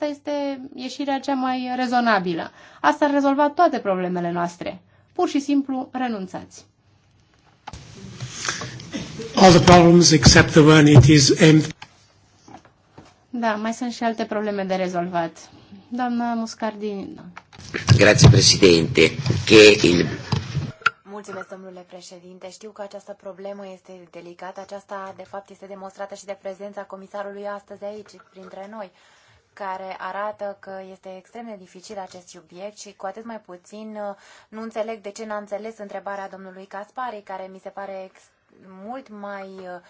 Asta este ieșirea cea mai rezonabilă. Asta ar rezolva toate problemele noastre. Pur și simplu renunțați. All the problems except the one it is empty. Da, mai sunt și alte probleme de rezolvat. Doamna Muscardini. Da. Grazie, Presidente, che il Mulțumesc, domnule președinte. Știu că această problemă este delicată. Aceasta, de fapt, este demonstrată și de prezența comisarului astăzi aici, printre noi care arată că este extrem de dificil acest subiect și cu atât mai puțin uh, nu înțeleg de ce n-a înțeles întrebarea domnului Caspari, care mi se pare mult mai, uh,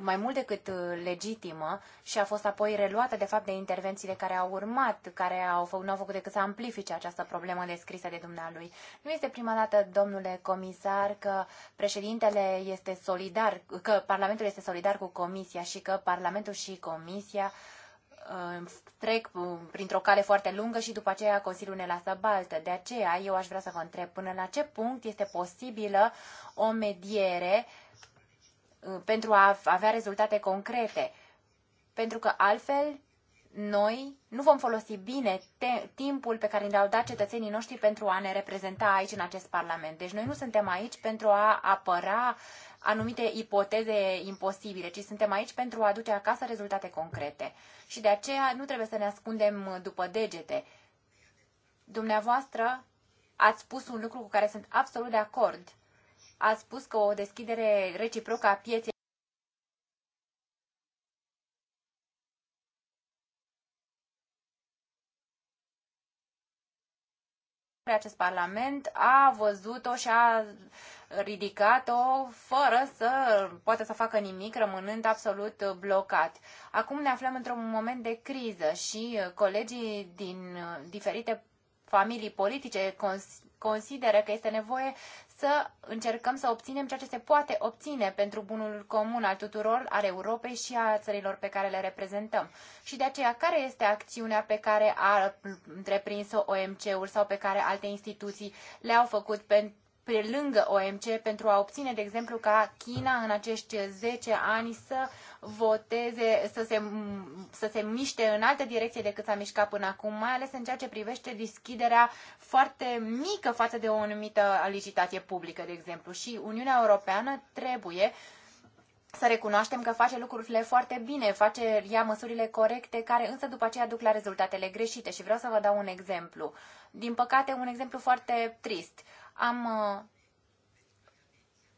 mai mult decât uh, legitimă și a fost apoi reluată de fapt de intervențiile care au urmat, care au făcut, nu au făcut decât să amplifice această problemă descrisă de dumnealui. Nu este prima dată, domnule comisar, că președintele este solidar, că Parlamentul este solidar cu Comisia și că Parlamentul și Comisia uh, Uh, trec printr-o cale foarte lungă și după aceea Consiliul ne lasă baltă. De aceea eu aș vrea să vă întreb până la ce punct este posibilă o mediere uh, pentru a avea rezultate concrete. Pentru că altfel noi nu vom folosi bine timpul pe care ne-au dat cetățenii noștri pentru a ne reprezenta aici în acest Parlament. Deci noi nu suntem aici pentru a apăra anumite ipoteze imposibile, ci suntem aici pentru a aduce acasă rezultate concrete. Și de aceea nu trebuie să ne ascundem după degete. Dumneavoastră ați spus un lucru cu care sunt absolut de acord. Ați spus că o deschidere reciprocă a pieței acest Parlament a văzut-o și a ridicat-o fără să poată să facă nimic, rămânând absolut blocat. Acum ne aflăm într-un moment de criză și colegii din diferite familii politice consideră că este nevoie să încercăm să obținem ceea ce se poate obține pentru bunul comun al tuturor, al Europei și a țărilor pe care le reprezentăm. Și de aceea, care este acțiunea pe care a întreprins-o OMC-ul sau pe care alte instituții le-au făcut pentru pe lângă OMC pentru a obține, de exemplu, ca China în acești 10 ani să voteze, să se, să se miște în altă direcție decât s-a mișcat până acum, mai ales în ceea ce privește deschiderea foarte mică față de o anumită licitație publică, de exemplu. Și Uniunea Europeană trebuie să recunoaștem că face lucrurile foarte bine, face ia măsurile corecte, care însă după aceea duc la rezultatele greșite. Și vreau să vă dau un exemplu. Din păcate, un exemplu foarte trist am uh,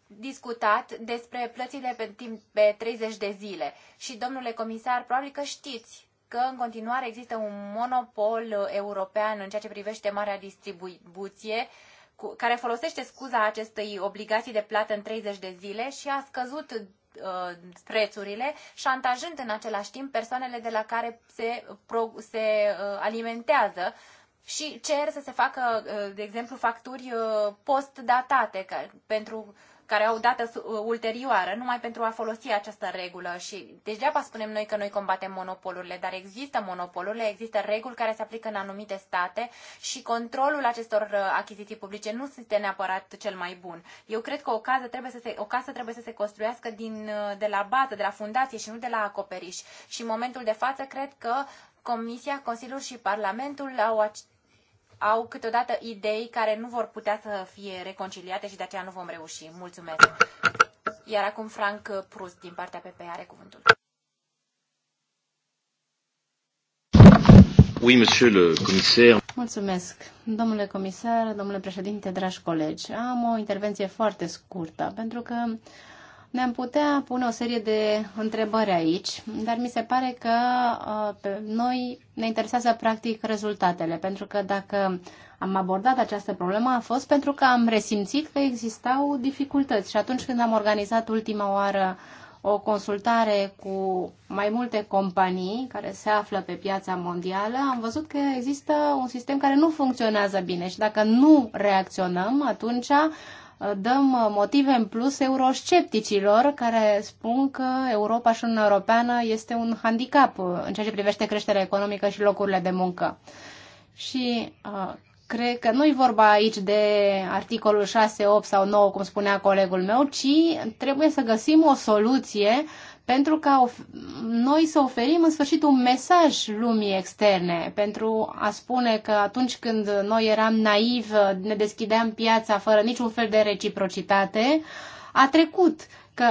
discutat despre plățile pe timp pe 30 de zile și, domnule comisar, probabil că știți că în continuare există un monopol uh, european în ceea ce privește marea distribuție cu, care folosește scuza acestei obligații de plată în 30 de zile și a scăzut uh, prețurile, șantajând în același timp persoanele de la care se, pro, se uh, alimentează și cer să se facă, uh, de exemplu, facturi uh, post-datate pentru care au dată uh, ulterioară, numai pentru a folosi această regulă. Și degeaba spunem noi că noi combatem monopolurile, dar există monopolurile, există reguli care se aplică în anumite state și controlul acestor achiziții publice nu este neapărat cel mai bun. Eu cred că o casă trebuie să se, o casă trebuie să se construiască din, de la bază, de la fundație și nu de la acoperiș. Și în momentul de față cred că Comisia, Consiliul și Parlamentul au, au câteodată idei care nu vor putea să fie reconciliate și de aceea nu vom reuși. Mulțumesc! Iar acum Frank Prus din partea PP are cuvântul. Oui, monsieur le commissaire. Mulțumesc, domnule comisar, domnule președinte, dragi colegi. Am o intervenție foarte scurtă, pentru că uh, ne-am putea pune o serie de întrebări aici, dar mi se pare că uh, pe noi ne interesează practic rezultatele, pentru că dacă am abordat această problemă a fost pentru că am resimțit că existau dificultăți și atunci când am organizat ultima oară o consultare cu mai multe companii care se află pe piața mondială, am văzut că există un sistem care nu funcționează bine și dacă nu reacționăm, atunci dăm uh, motive în plus euroscepticilor care spun că Europa și Uniunea Europeană este un handicap uh, în ceea ce privește creșterea economică și locurile de muncă. Și uh, cred că nu-i vorba aici de articolul 6, 8 sau 9, cum spunea colegul meu, ci trebuie să găsim o soluție uh, pentru ca noi să oferim în sfârșit un mesaj lumii externe, pentru a spune că atunci când noi eram naiv, ne deschideam piața fără niciun fel de reciprocitate, a trecut că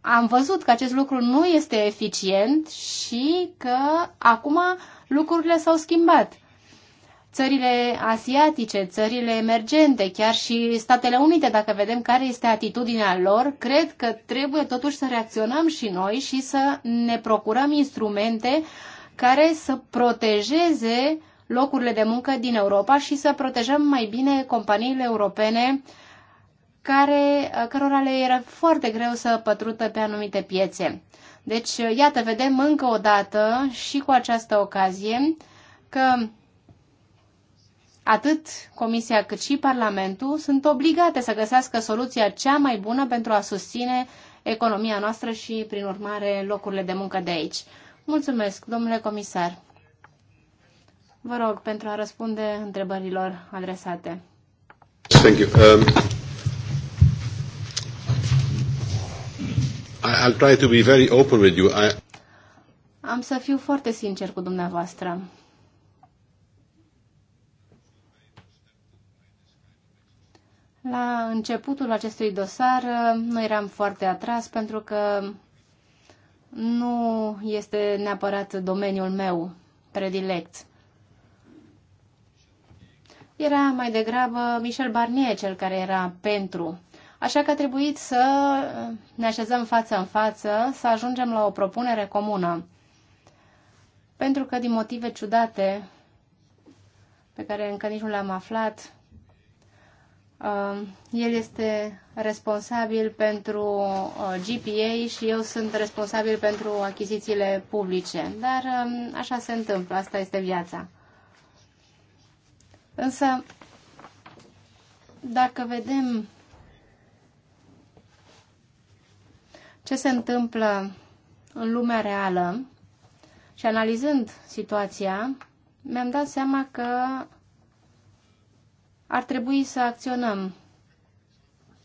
am văzut că acest lucru nu este eficient și că acum lucrurile s-au schimbat țările asiatice, țările emergente, chiar și Statele Unite, dacă vedem care este atitudinea lor, cred că trebuie totuși să reacționăm și noi și să ne procurăm instrumente care să protejeze locurile de muncă din Europa și să protejăm mai bine companiile europene care, cărora le era foarte greu să pătrută pe anumite piețe. Deci, iată, vedem încă o dată și cu această ocazie că atât Comisia cât și Parlamentul sunt obligate să găsească soluția cea mai bună pentru a susține economia noastră și, prin urmare, locurile de muncă de aici. Mulțumesc, domnule comisar. Vă rog, pentru a răspunde întrebărilor adresate. Thank you. Um, I'll try to be very open with you. I... Am să fiu foarte sincer cu dumneavoastră. La începutul acestui dosar nu eram foarte atras pentru că nu este neapărat domeniul meu predilect. Era mai degrabă Michel Barnier cel care era pentru. Așa că a trebuit să ne așezăm față în față, să ajungem la o propunere comună. Pentru că din motive ciudate, pe care încă nici nu le-am aflat, Um, el este responsabil pentru uh, GPA și eu sunt responsabil pentru achizițiile publice. Dar um, așa se întâmplă, asta este viața. Însă, dacă vedem ce se întâmplă în lumea reală și analizând situația, mi-am dat seama că ar trebui să acționăm.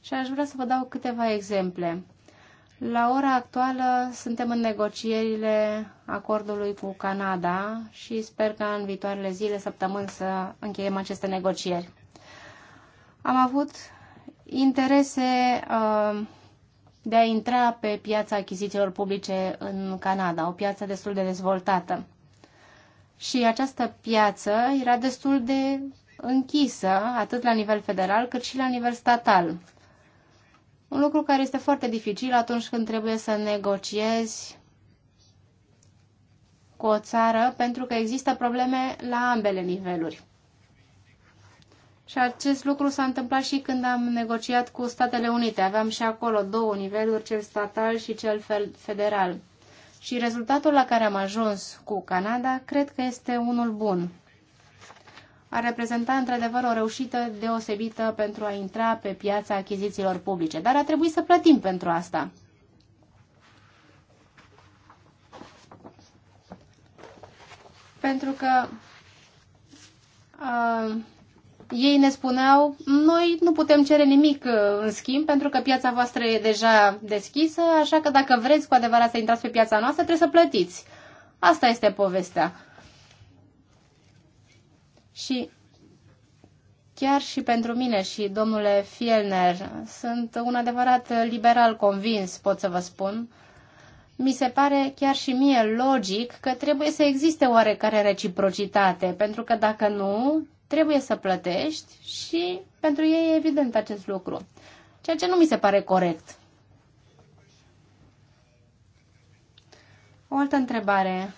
Și aș vrea să vă dau câteva exemple. La ora actuală suntem în negocierile acordului cu Canada și sper că în viitoarele zile, săptămâni, să încheiem aceste negocieri. Am avut interese uh, de a intra pe piața achizițiilor publice în Canada, o piață destul de dezvoltată. Și această piață era destul de închisă, atât la nivel federal cât și la nivel statal. Un lucru care este foarte dificil atunci când trebuie să negociezi cu o țară, pentru că există probleme la ambele niveluri. Și acest lucru s-a întâmplat și când am negociat cu Statele Unite. Aveam și acolo două niveluri, cel statal și cel federal. Și rezultatul la care am ajuns cu Canada cred că este unul bun ar reprezenta într-adevăr o reușită deosebită pentru a intra pe piața achizițiilor publice, dar ar trebui să plătim pentru asta. Pentru că uh, ei ne spuneau, noi nu putem cere nimic în schimb, pentru că piața voastră e deja deschisă, așa că dacă vreți cu adevărat să intrați pe piața noastră, trebuie să plătiți. Asta este povestea. Și chiar și pentru mine și domnule Fielner, sunt un adevărat liberal convins, pot să vă spun, mi se pare chiar și mie logic că trebuie să existe oarecare reciprocitate, pentru că dacă nu, trebuie să plătești și pentru ei e evident acest lucru, ceea ce nu mi se pare corect. O altă întrebare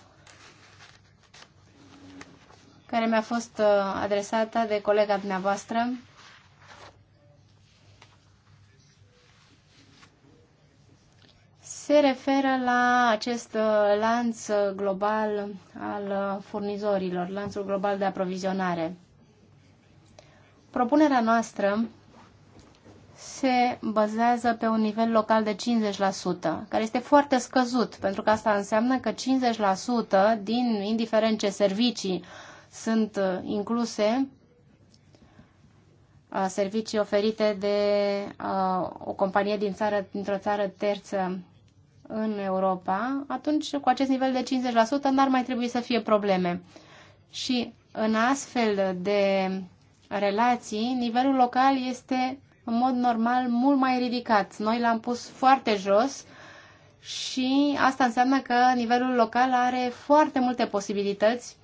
care mi-a fost uh, adresată de colega dumneavoastră. Se referă la acest uh, lanț global al uh, furnizorilor, lanțul global de aprovizionare. Propunerea noastră se bazează pe un nivel local de 50%, care este foarte scăzut, pentru că asta înseamnă că 50% din indiferent ce servicii sunt uh, incluse uh, servicii oferite de uh, o companie din țară, dintr-o țară terță în Europa, atunci cu acest nivel de 50% n-ar mai trebui să fie probleme. Și în astfel de relații, nivelul local este în mod normal mult mai ridicat. Noi l-am pus foarte jos și asta înseamnă că nivelul local are foarte multe posibilități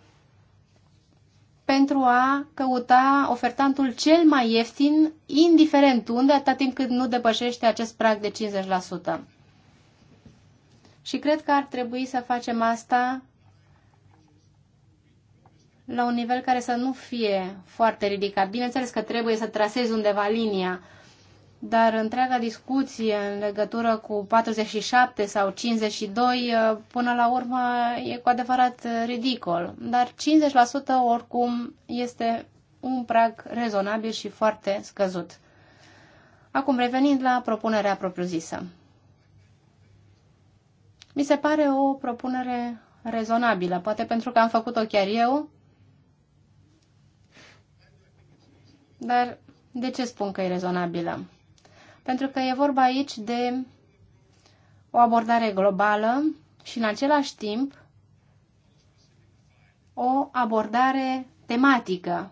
pentru a căuta ofertantul cel mai ieftin, indiferent unde, atâta timp cât nu depășește acest prag de 50%. Și cred că ar trebui să facem asta la un nivel care să nu fie foarte ridicat. Bineînțeles că trebuie să trasezi undeva linia, dar întreaga discuție în legătură cu 47 sau 52 uh, până la urmă e cu adevărat uh, ridicol. Dar 50% oricum este un prag rezonabil și foarte scăzut. Acum revenind la propunerea propriu-zisă. Mi se pare o propunere rezonabilă, poate pentru că am făcut-o chiar eu, dar de ce spun că e rezonabilă? pentru că e vorba aici de o abordare globală și în același timp o abordare tematică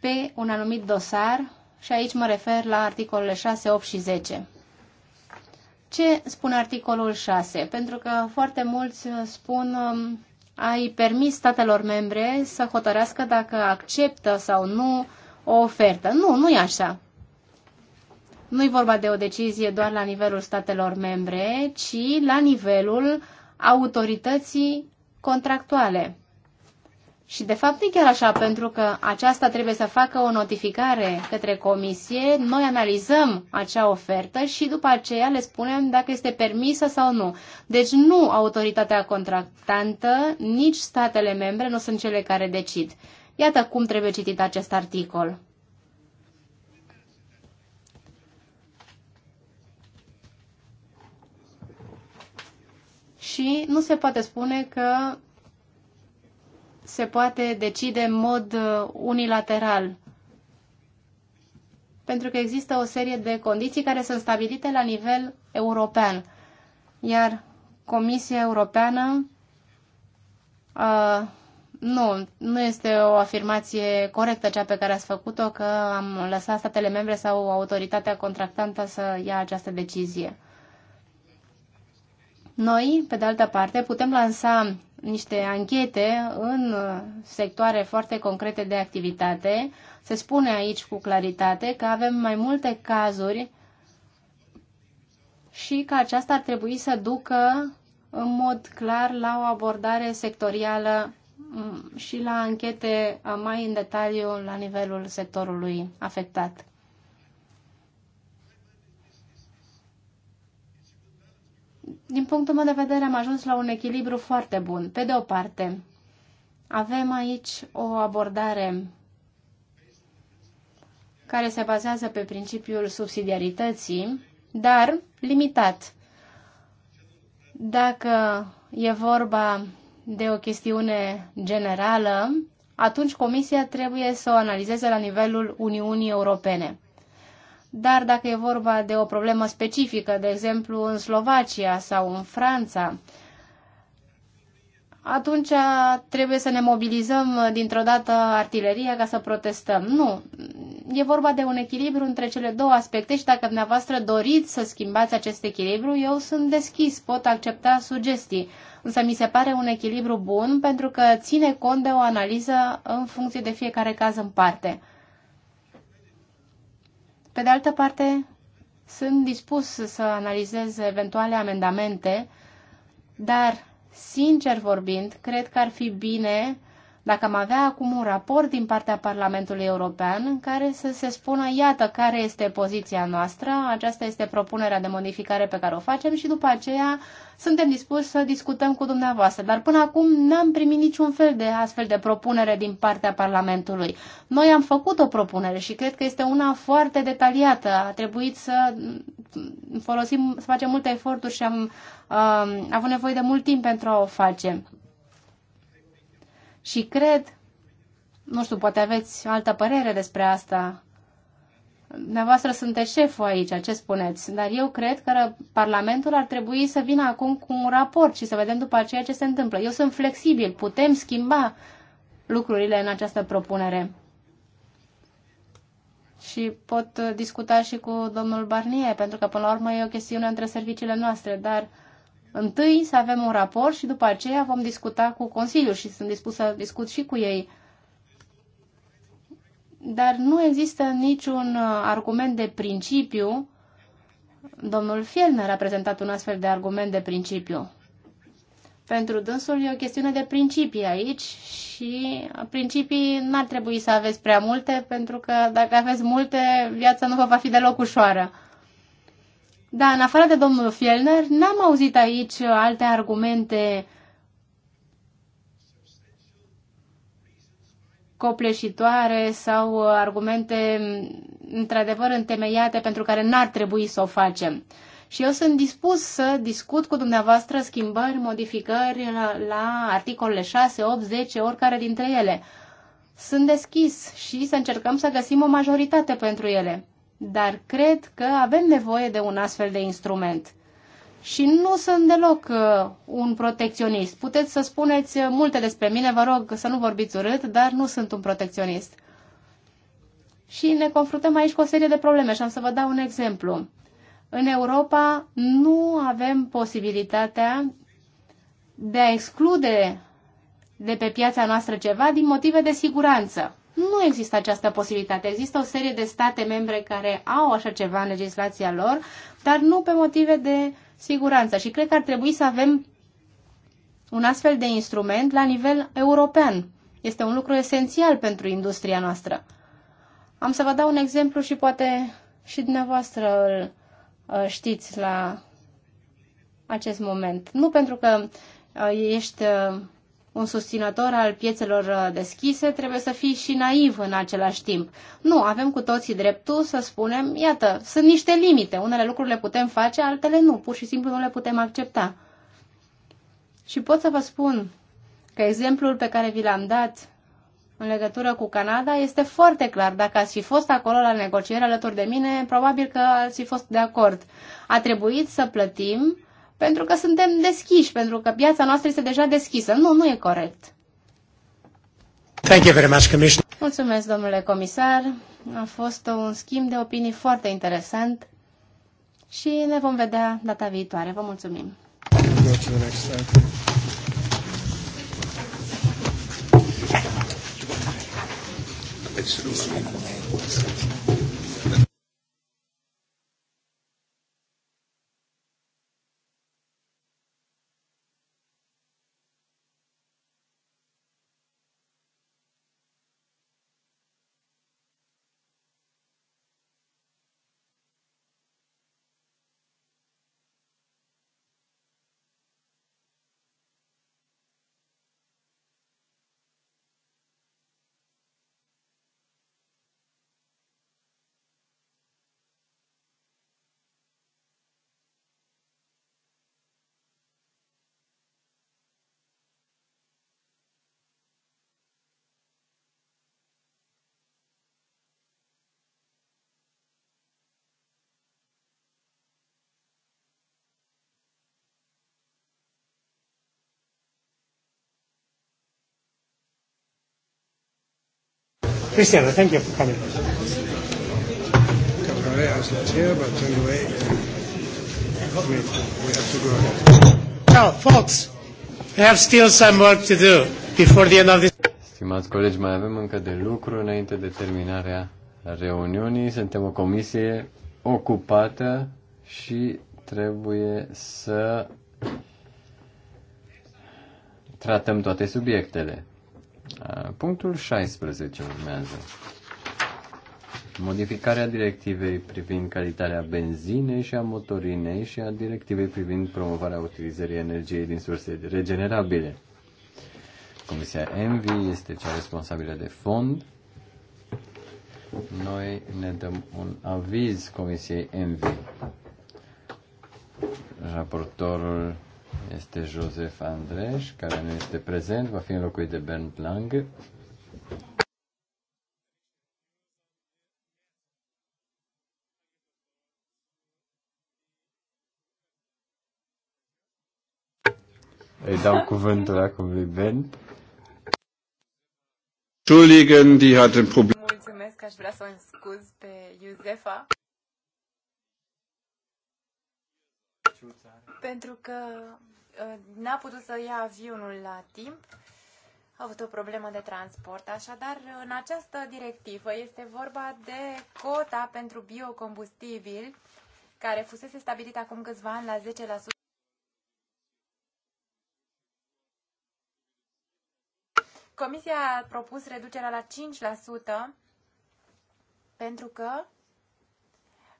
pe un anumit dosar și aici mă refer la articolele 6, 8 și 10. Ce spune articolul 6? Pentru că foarte mulți spun um, ai permis statelor membre să hotărească dacă acceptă sau nu o ofertă. Nu, nu e așa nu e vorba de o decizie doar la nivelul statelor membre, ci la nivelul autorității contractuale. Și de fapt e chiar așa, pentru că aceasta trebuie să facă o notificare către comisie, noi analizăm acea ofertă și după aceea le spunem dacă este permisă sau nu. Deci nu autoritatea contractantă, nici statele membre nu sunt cele care decid. Iată cum trebuie citit acest articol. și nu se poate spune că se poate decide în mod uh, unilateral. Pentru că există o serie de condiții care sunt stabilite la nivel european. Iar Comisia Europeană uh, nu, nu este o afirmație corectă cea pe care ați făcut-o că am lăsat statele membre sau autoritatea contractantă să ia această decizie. Noi, pe de altă parte, putem lansa niște anchete în uh, sectoare foarte concrete de activitate. Se spune aici cu claritate că avem mai multe cazuri și că aceasta ar trebui să ducă în mod clar la o abordare sectorială mm, și la anchete uh, mai în detaliu la nivelul sectorului afectat. din punctul meu de vedere, am ajuns la un echilibru foarte bun. Pe de o parte, avem aici o abordare care se bazează pe principiul subsidiarității, dar limitat. Dacă e vorba de o chestiune generală, atunci Comisia trebuie să o analizeze la nivelul Uniunii Europene dar dacă e vorba de o problemă specifică, de exemplu în Slovacia sau în Franța, atunci trebuie să ne mobilizăm dintr-o dată artileria ca să protestăm. Nu, e vorba de un echilibru între cele două aspecte și dacă dumneavoastră doriți să schimbați acest echilibru, eu sunt deschis, pot accepta sugestii. Însă mi se pare un echilibru bun pentru că ține cont de o analiză în funcție de fiecare caz în parte. Pe de altă parte, sunt dispus să analizez eventuale amendamente, dar, sincer vorbind, cred că ar fi bine dacă am avea acum un raport din partea Parlamentului European în care să se spună, iată care este poziția noastră, aceasta este propunerea de modificare pe care o facem și după aceea suntem dispuși să discutăm cu dumneavoastră. Dar până acum n-am primit niciun fel de astfel de propunere din partea Parlamentului. Noi am făcut o propunere și cred că este una foarte detaliată. A trebuit să folosim, să facem multe eforturi și am uh, avut nevoie de mult timp pentru a o face. Și cred, nu știu, poate aveți altă părere despre asta, dumneavoastră sunteți șeful aici, ce spuneți? Dar eu cred că Parlamentul ar trebui să vină acum cu un raport și să vedem după aceea ce se întâmplă. Eu sunt flexibil, putem schimba lucrurile în această propunere. Și pot discuta și cu domnul Barnier, pentru că până la urmă e o chestiune între serviciile noastre, dar uh, întâi să avem un raport și după aceea vom discuta cu Consiliul și sunt dispus să discut și cu ei. Dar nu există niciun uh, argument de principiu. Domnul Fielner a prezentat un astfel de argument de principiu. Pentru dânsul e o chestiune de principii aici și principii n-ar trebui să aveți prea multe, pentru că dacă aveți multe, viața nu vă va fi deloc ușoară. Dar în afară de domnul Fielner, n-am auzit aici alte argumente copleșitoare sau argumente într-adevăr întemeiate pentru care n-ar trebui să o facem. Și eu sunt dispus să discut cu dumneavoastră schimbări, modificări la, la articolele 6, 8, 10, oricare dintre ele. Sunt deschis și să încercăm să găsim o majoritate pentru ele dar cred că avem nevoie de un astfel de instrument. Și nu sunt deloc uh, un protecționist. Puteți să spuneți uh, multe despre mine, vă rog să nu vorbiți urât, dar nu sunt un protecționist. Și ne confruntăm aici cu o serie de probleme și am să vă dau un exemplu. În Europa nu avem posibilitatea de a exclude de pe piața noastră ceva din motive de siguranță. Nu există această posibilitate. Există o serie de state membre care au așa ceva în legislația lor, dar nu pe motive de siguranță. Și cred că ar trebui să avem un astfel de instrument la nivel european. Este un lucru esențial pentru industria noastră. Am să vă dau un exemplu și poate și dumneavoastră îl uh, știți la acest moment. Nu pentru că uh, ești uh, un susținător al piețelor uh, deschise, trebuie să fii și naiv în același timp. Nu, avem cu toții dreptul să spunem, iată, sunt niște limite, unele lucruri le putem face, altele nu, pur și simplu nu le putem accepta. Și pot să vă spun că exemplul pe care vi l-am dat în legătură cu Canada este foarte clar. Dacă ați fi fost acolo la negocieri alături de mine, probabil că ați fi fost de acord. A trebuit să plătim pentru că suntem deschiși, pentru că piața noastră este deja deschisă. Nu, nu e corect. Thank you very much, Commissioner. Mulțumesc, domnule comisar. A fost un schimb de opinii foarte interesant și ne vom vedea data viitoare. Vă mulțumim. Let's Christiana, thank you for coming. Cabrera has Now, We have still some work to do before the end of this. Stimați colegi, mai avem încă de lucru înainte de terminarea reuniunii. Suntem o comisie ocupată și trebuie să tratăm toate subiectele. Punctul 16 urmează. Modificarea directivei privind calitatea benzinei și a motorinei și a directivei privind promovarea utilizării energiei din surse regenerabile. Comisia ENVI este cea responsabilă de fond. Noi ne dăm un aviz Comisiei ENVI. Raportorul este Joseph Andreș, care nu este prezent, va fi înlocuit de Bernd Lang. Îi dau cuvântul acum lui Ben. Entschuldigen, die hat ein Problem. Mulțumesc, aș vrea să o scuz pe Iuzefa. pentru că uh, n-a putut să ia avionul la timp. A avut o problemă de transport, așadar în această directivă este vorba de cota pentru biocombustibil care fusese stabilită acum câțiva ani la 10%. Comisia a propus reducerea la 5% pentru că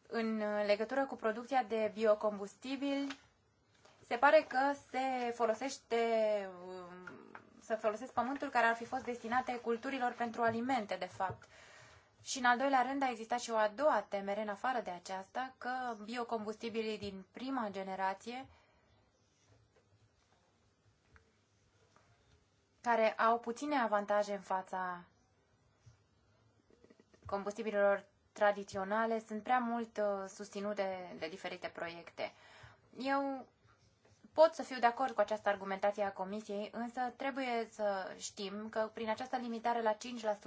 în legătură cu producția de biocombustibili, se pare că se folosește um, să folosesc pământul care ar fi fost destinate culturilor pentru alimente, de fapt. Și în al doilea rând a existat și o a doua temere în afară de aceasta, că biocombustibilii din prima generație care au puține avantaje în fața combustibililor tradiționale sunt prea mult uh, susținute de diferite proiecte. Eu pot să fiu de acord cu această argumentație a Comisiei, însă trebuie să știm că prin această limitare la 5%,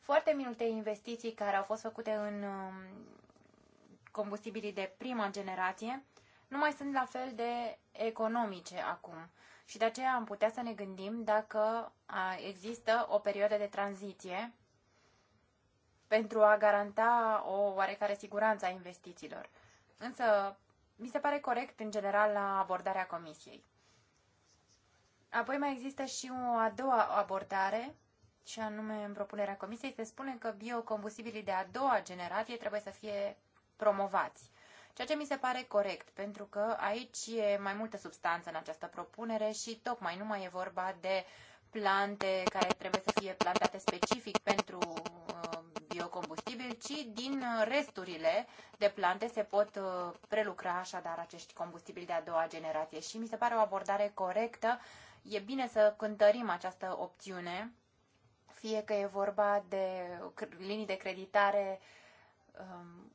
foarte multe investiții care au fost făcute în um, combustibilii de prima generație nu mai sunt la fel de economice acum. Și de aceea am putea să ne gândim dacă există o perioadă de tranziție pentru a garanta o oarecare siguranță a investițiilor. Însă, mi se pare corect, în general, la abordarea comisiei. Apoi mai există și o a doua abordare, și anume în propunerea comisiei, se spune că biocombustibilii de a doua generație trebuie să fie promovați. Ceea ce mi se pare corect, pentru că aici e mai multă substanță în această propunere și tocmai nu mai e vorba de plante care trebuie să fie plantate specific pentru biocombustibil, ci din uh, resturile de plante se pot uh, prelucra așadar acești combustibili de a doua generație. Și mi se pare o abordare corectă. E bine să cântărim această opțiune, fie că e vorba de linii de creditare um,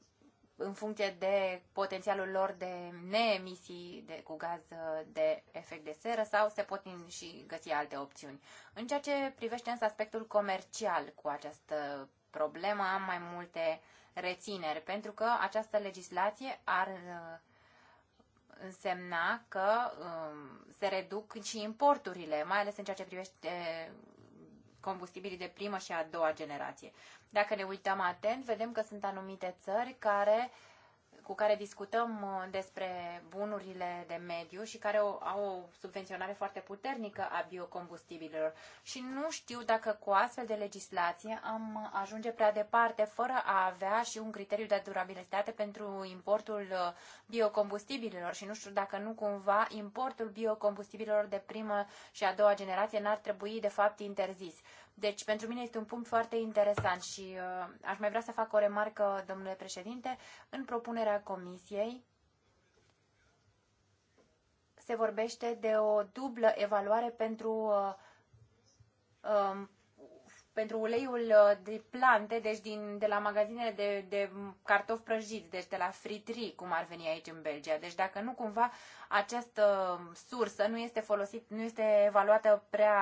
în funcție de potențialul lor de neemisii de, cu gaz uh, de efect de seră sau se pot și găsi alte opțiuni. În ceea ce privește însă aspectul comercial cu această problema am mai multe rețineri, pentru că această legislație ar uh, însemna că um, se reduc și importurile, mai ales în ceea ce privește combustibilii de primă și a doua generație. Dacă ne uităm atent, vedem că sunt anumite țări care uh, cu care discutăm uh, despre bunurile de mediu și care au o subvenționare foarte puternică a biocombustibililor. Și nu știu dacă cu astfel de legislație am ajunge prea departe fără a avea și un criteriu de durabilitate pentru importul uh, biocombustibililor și nu știu dacă nu cumva importul biocombustibililor de primă și a doua generație n-ar trebui de fapt interzis. Deci, pentru mine este un punct foarte interesant și uh, aș mai vrea să fac o remarcă, domnule președinte, în propunerea comisiei se vorbește de o dublă evaluare pentru uh, uh, pentru uleiul uh, de plante, deci din, de la magazinele de, de cartofi prăjiți, deci de la fritri, cum ar veni aici în Belgia. Deci dacă nu cumva această uh, sursă nu este folosit, nu este evaluată prea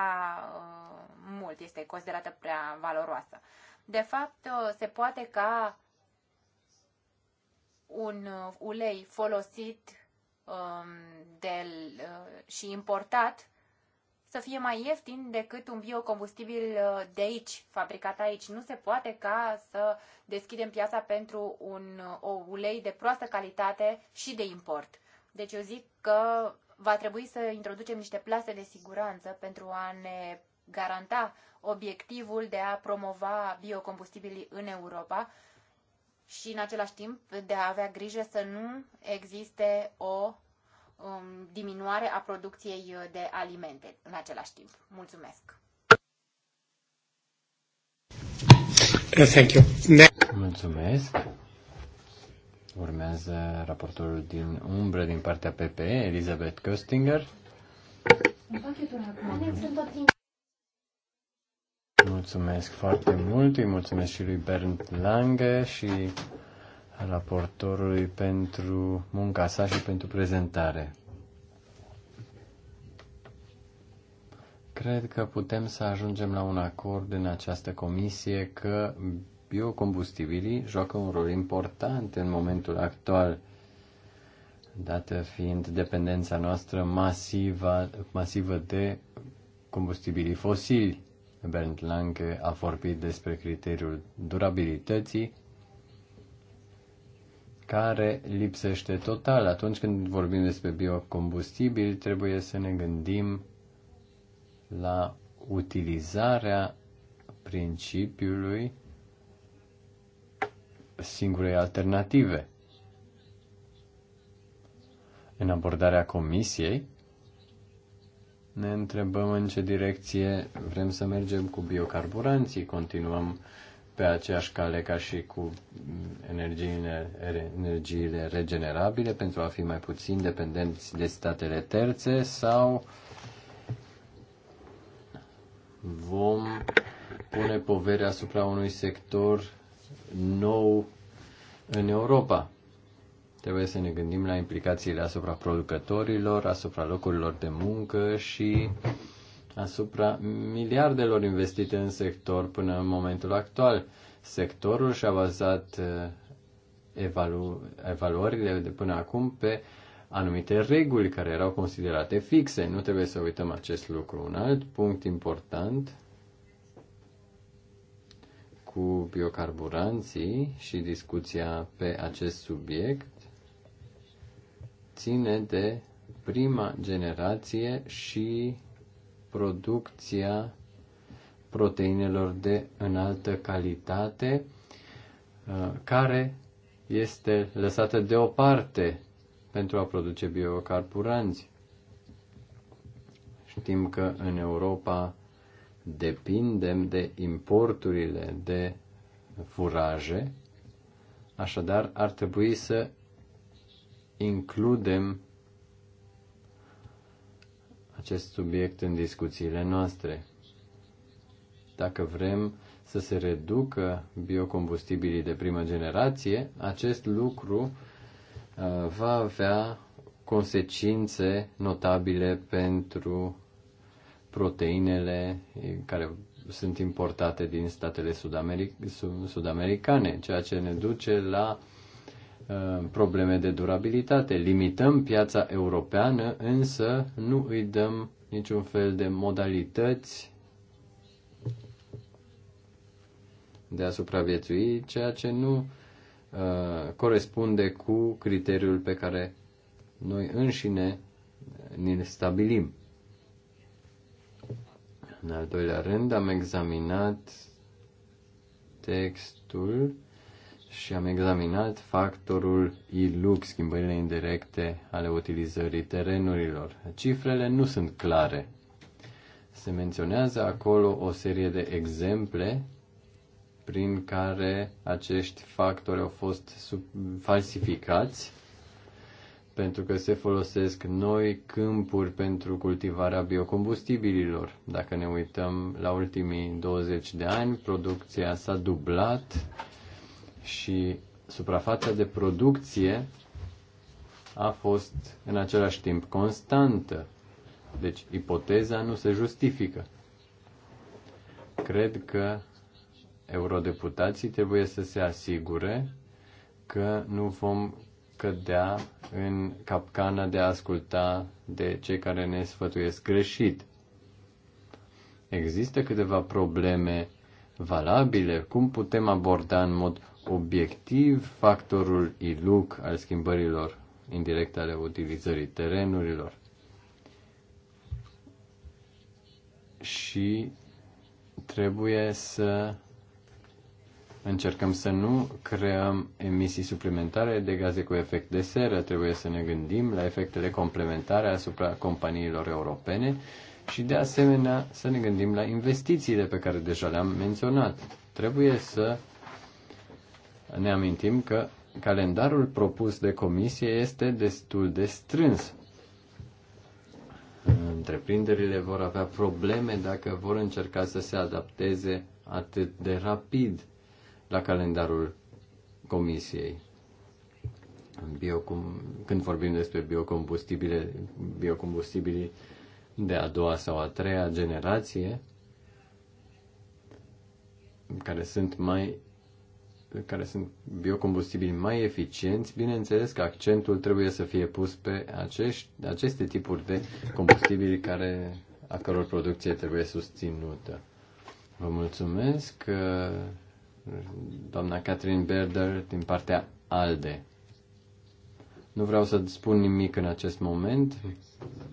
uh, mult, este considerată prea valoroasă. De fapt, se poate ca un ulei folosit um, de, și importat să fie mai ieftin decât un biocombustibil uh, de aici, fabricat aici. Nu se poate ca să deschidem piața pentru un uh, o ulei de proastă calitate și de import. Deci eu zic că va trebui să introducem niște plase de siguranță pentru a ne garanta obiectivul de a promova biocombustibilii în Europa și în același timp de a avea grijă să nu existe o um, diminuare a producției de alimente în același timp. Mulțumesc! Uh, thank you. Mulțumesc! Urmează raportorul din umbră din partea PPE, Elizabeth Köstinger. Mulțumesc foarte mult, îi mulțumesc și lui Bernd Lange și raportorului pentru munca sa și pentru prezentare. Cred că putem să ajungem la un acord în această comisie că biocombustibilii joacă un rol important în momentul actual, dată fiind dependența noastră masivă, masivă de combustibilii fosili. Bernd Lange a vorbit despre criteriul durabilității care lipsește total. Atunci când vorbim despre biocombustibili, trebuie să ne gândim la utilizarea principiului singurei alternative. În abordarea comisiei, ne întrebăm în ce direcție vrem să mergem cu biocarburanții, continuăm uh, pe aceeași cale ca și cu mm, energiile, energiile regenerabile pentru a fi mai puțin dependenți de statele terțe sau vom pune povere asupra unui sector nou în Europa. Trebuie să ne gândim la implicațiile asupra producătorilor, asupra locurilor de muncă și uh, asupra miliardelor investite în sector până în momentul actual. Sectorul și-a bazat uh, evalu- evaluările de până acum pe anumite reguli care erau considerate fixe. Nu trebuie să uităm acest lucru. Un alt punct important cu biocarburanții și discuția pe acest subiect ține de prima generație și producția proteinelor de înaltă calitate uh, care este lăsată deoparte pentru a produce biocarburanți. Știm că în Europa depindem de importurile de furaje, așadar ar trebui să includem acest subiect în discuțiile noastre. Dacă vrem să se reducă biocombustibilii de primă generație, acest lucru uh, va avea consecințe notabile pentru proteinele care sunt importate din statele sudamericane, ceea ce ne duce la Uh, probleme de durabilitate. Limităm piața europeană, însă nu îi dăm niciun fel de modalități de a supraviețui, ceea ce nu uh, corespunde cu criteriul pe care noi înșine ni-l stabilim. În al doilea rând, am examinat textul și am examinat factorul ILUC, schimbările indirecte ale utilizării terenurilor. Cifrele nu sunt clare. Se menționează acolo o serie de exemple prin care acești factori au fost sub, falsificați pentru că se folosesc noi câmpuri pentru cultivarea biocombustibililor. Dacă ne uităm la ultimii 20 de ani, producția s-a dublat, și suprafața de producție a fost în același timp constantă. Deci ipoteza nu se justifică. Cred că eurodeputații trebuie să se asigure că nu vom cădea în capcana de a asculta de cei care ne sfătuiesc greșit. Există câteva probleme valabile, cum putem aborda în mod obiectiv factorul ILUC al schimbărilor indirecte ale utilizării terenurilor și trebuie să încercăm să nu creăm emisii suplimentare de gaze cu efect de seră. Trebuie să ne gândim la efectele complementare asupra companiilor europene și de asemenea să ne gândim la investițiile pe care deja le-am menționat. Trebuie să ne amintim că calendarul propus de comisie este destul de strâns. Întreprinderile vor avea probleme dacă vor încerca să se adapteze atât de rapid la calendarul comisiei. Biocom... Când vorbim despre biocombustibile, biocombustibili de a doua sau a treia generație, care sunt mai care sunt biocombustibili mai eficienți, bineînțeles că accentul trebuie să fie pus pe acești, aceste tipuri de combustibili care, a căror producție trebuie susținută. Vă mulțumesc, uh, doamna Catherine Berder, din partea ALDE. Nu vreau să spun nimic în acest moment,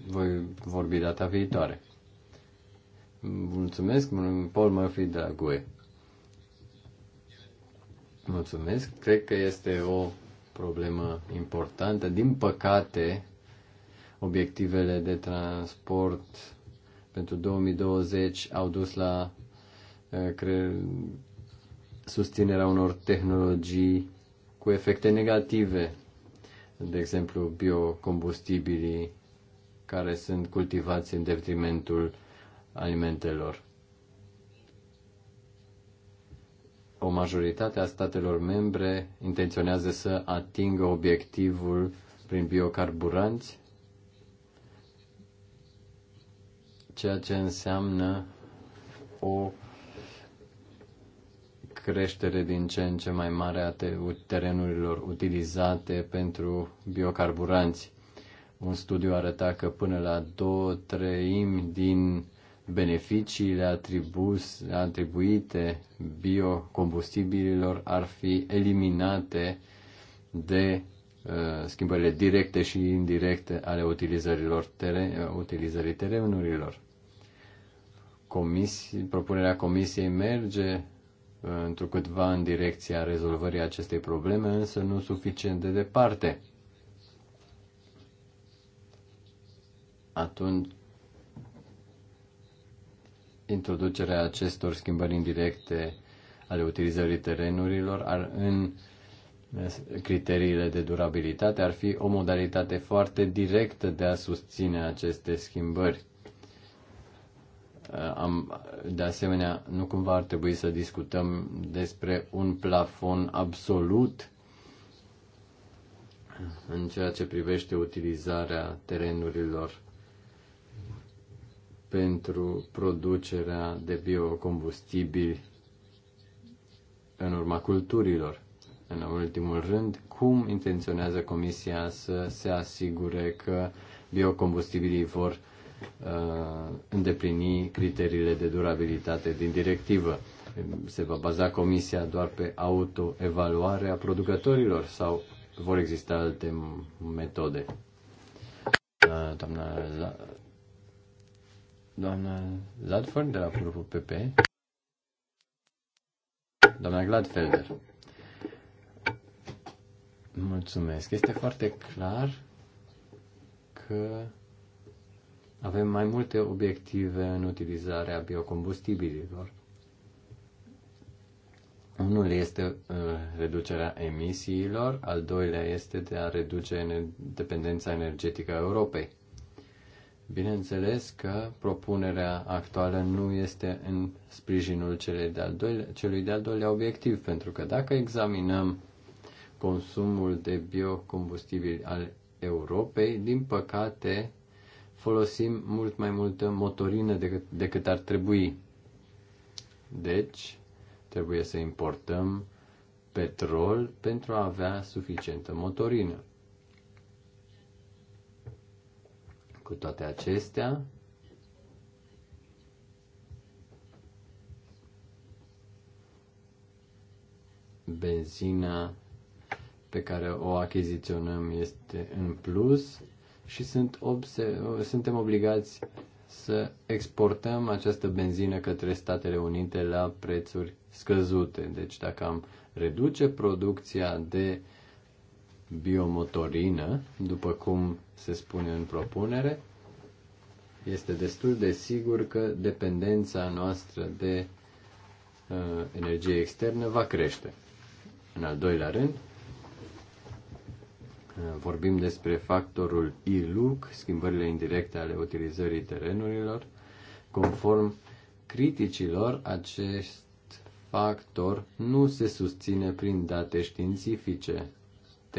voi vorbi data viitoare. Mulțumesc, Paul Murphy de la GUE. Mulțumesc. Cred că este o problemă importantă. Din păcate, obiectivele de transport pentru 2020 au dus la uh, cre... susținerea unor tehnologii cu efecte negative, de exemplu biocombustibilii care sunt cultivați în detrimentul alimentelor. o majoritate a statelor membre intenționează să atingă obiectivul prin biocarburanți, ceea ce înseamnă o creștere din ce în ce mai mare a terenurilor utilizate pentru biocarburanți. Un studiu arăta că până la două treimi din beneficiile atribus, atribuite biocombustibililor ar fi eliminate de uh, schimbările directe și indirecte ale utilizărilor teren, uh, utilizării terenurilor. Comisie, propunerea comisiei merge uh, întrucâtva în direcția rezolvării acestei probleme, însă nu suficient de departe. Atunci, introducerea acestor schimbări indirecte ale utilizării terenurilor ar, în eh, criteriile de durabilitate ar fi o modalitate foarte directă de a susține aceste schimbări. Eh, am, de asemenea, nu cumva ar trebui să discutăm despre un plafon absolut în ceea ce privește utilizarea terenurilor pentru producerea de biocombustibili în urma culturilor. În ultimul rând, cum intenționează Comisia să se asigure că biocombustibilii vor uh, îndeplini criteriile de durabilitate din directivă? Se va baza Comisia doar pe autoevaluarea producătorilor sau vor exista alte metode? Uh, doamna Doamna Gladford de la grupul PP. Doamna Gladfelder. Mulțumesc. Este foarte clar că avem mai multe obiective în utilizarea biocombustibililor. Unul este uh, reducerea emisiilor, al doilea este de a reduce dependența energetică a Europei. Bineînțeles că propunerea actuală nu este în sprijinul celui de-al doilea, celui de-al doilea obiectiv, pentru că dacă examinăm consumul de biocombustibili al Europei, din păcate folosim mult mai multă motorină decât, decât ar trebui. Deci, trebuie să importăm petrol pentru a avea suficientă motorină. Cu toate acestea, benzina pe care o achiziționăm este în plus și sunt obse- suntem obligați să exportăm această benzină către Statele Unite la prețuri scăzute. Deci dacă am reduce producția de uh, biomotorină, după cum se spune în propunere, este destul de sigur că dependența noastră de uh, energie externă va crește. În al doilea rând, uh, vorbim despre factorul ILUC, schimbările indirecte ale utilizării terenurilor. Conform criticilor, acest factor nu se susține prin date științifice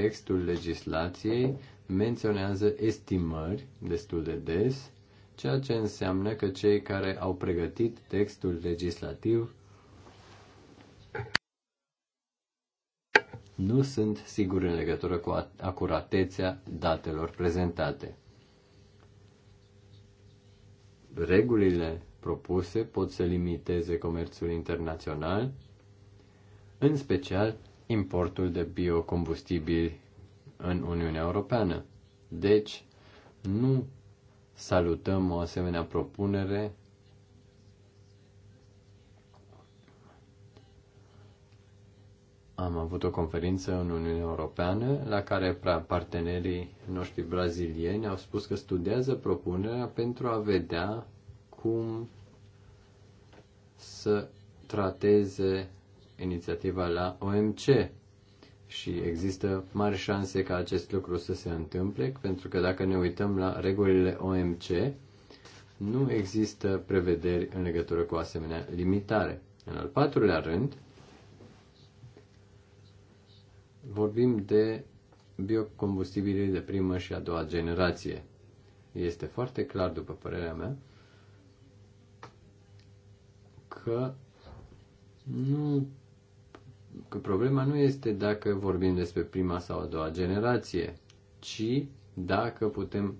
textul legislației menționează estimări destul de des, ceea ce înseamnă că cei care au pregătit textul legislativ nu sunt siguri în legătură cu acuratețea datelor prezentate. Regulile propuse pot să limiteze comerțul internațional, în special importul de biocombustibili în Uniunea Europeană. Deci, nu salutăm o asemenea propunere am avut o conferință în Uniunea Europeană la care partenerii noștri brazilieni au spus că studiază propunerea pentru a vedea cum să trateze inițiativa la OMC și există mari șanse ca acest lucru să se întâmple, pentru că dacă ne uităm la regulile OMC, nu există prevederi în legătură cu asemenea limitare. În al patrulea rând, vorbim de biocombustibilii de primă și a doua generație. Este foarte clar, după părerea mea, că nu că problema nu este dacă vorbim despre prima sau a doua generație, ci dacă putem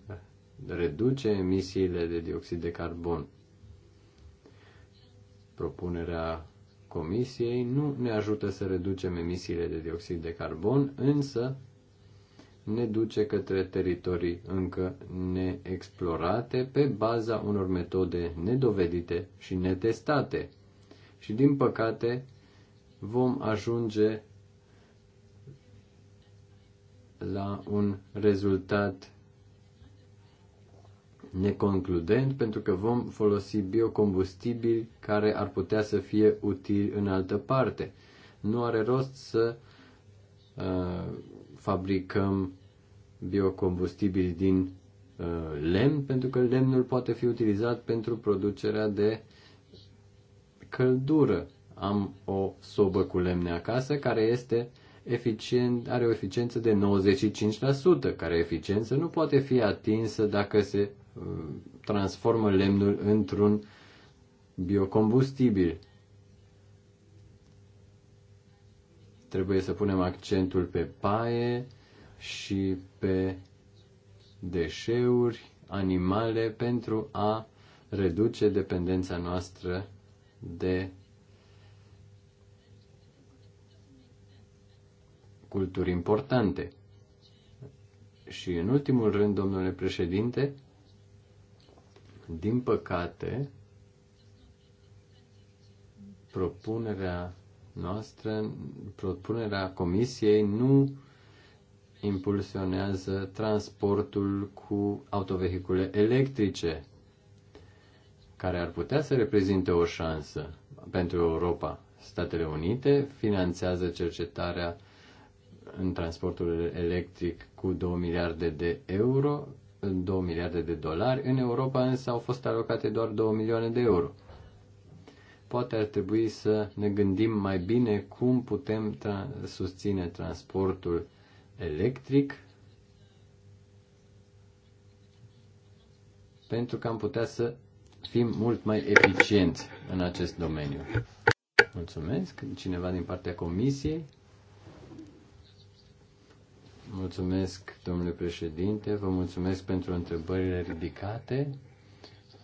reduce emisiile de dioxid de carbon. Propunerea Comisiei nu ne ajută să reducem emisiile de dioxid de carbon, însă ne duce către teritorii încă neexplorate pe baza unor metode nedovedite și netestate. Și din păcate, vom ajunge la un rezultat neconcludent pentru că vom folosi biocombustibili care ar putea să fie utili în altă parte. Nu are rost să uh, fabricăm biocombustibili din uh, lemn pentru că lemnul poate fi utilizat pentru producerea de căldură am o sobă cu lemne acasă care este eficient, are o eficiență de 95%, care eficiență nu poate fi atinsă dacă se uh, transformă lemnul într-un biocombustibil. Trebuie să punem accentul pe paie și pe deșeuri, animale, pentru a reduce dependența noastră de culturi importante. Și în ultimul rând, domnule președinte, din păcate, propunerea noastră, propunerea comisiei nu impulsionează transportul cu autovehicule electrice, care ar putea să reprezinte o șansă pentru Europa. Statele Unite finanțează cercetarea în transportul electric cu 2 miliarde de euro, 2 miliarde de dolari, în Europa însă au fost alocate doar 2 milioane de euro. Poate ar trebui să ne gândim mai bine cum putem tra- susține transportul electric pentru că am putea să fim mult mai eficienți în acest domeniu. Mulțumesc. Cineva din partea comisiei? Mulțumesc, domnule președinte, vă mulțumesc pentru întrebările ridicate.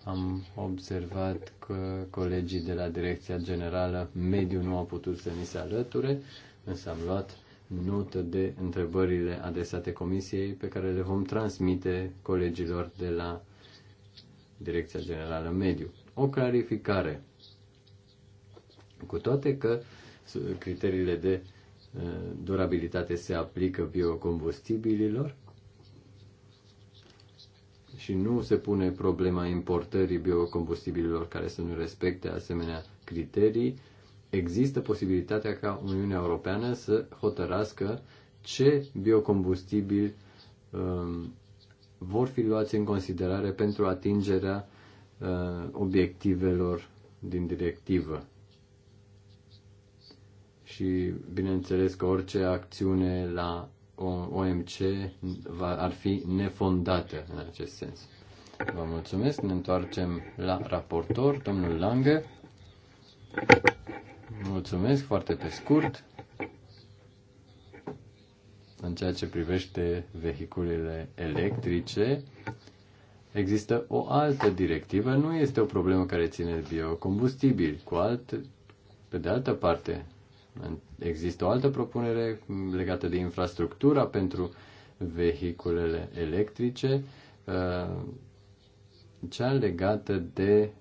Am observat că colegii de la Direcția Generală Mediu nu au putut să ni se alăture, însă am luat notă de întrebările adresate comisiei pe care le vom transmite colegilor de la Direcția Generală Mediu. O clarificare. Cu toate că criteriile de durabilitate se aplică biocombustibililor și nu se pune problema importării biocombustibililor care să nu respecte asemenea criterii, există posibilitatea ca Uniunea Europeană să hotărască ce biocombustibili um, vor fi luați în considerare pentru atingerea uh, obiectivelor din directivă și bineînțeles că orice acțiune la OMC va, ar fi nefondată în acest sens. Vă mulțumesc, ne întoarcem la raportor, domnul Lange. Mulțumesc, foarte pe scurt. În ceea ce privește vehiculele electrice, există o altă directivă, nu este o problemă care ține de biocombustibili. Cu alt, pe de altă parte, Există o altă propunere legată de infrastructura pentru vehiculele electrice, uh, cea legată de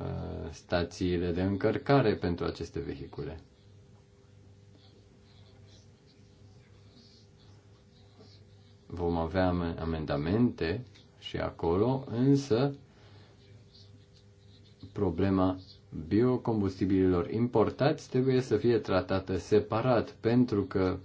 uh, stațiile de încărcare pentru aceste vehicule. Vom avea amendamente și acolo, însă problema biocombustibililor importați trebuie să fie tratată separat pentru că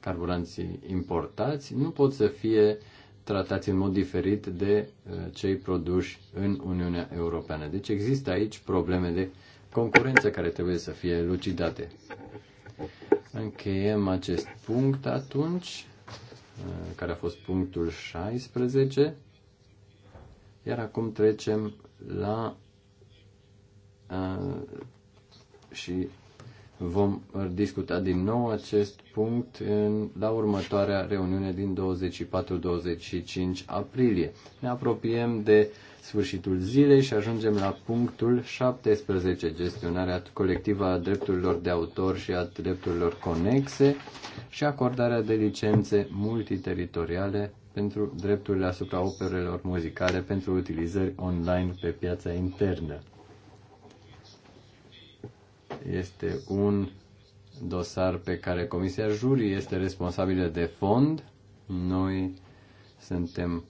carburanții importați nu pot să fie tratați în mod diferit de uh, cei produși în Uniunea Europeană. Deci există aici probleme de concurență care trebuie să fie lucidate. Încheiem acest punct atunci, uh, care a fost punctul 16, iar acum trecem la a, și vom discuta din nou acest punct în, la următoarea reuniune din 24-25 aprilie. Ne apropiem de sfârșitul zilei și ajungem la punctul 17, gestionarea colectivă a drepturilor de autor și a drepturilor conexe și acordarea de licențe multiteritoriale pentru drepturile asupra operelor muzicale pentru utilizări online pe piața internă. Este un dosar pe care Comisia Jurii este responsabilă de fond. Noi suntem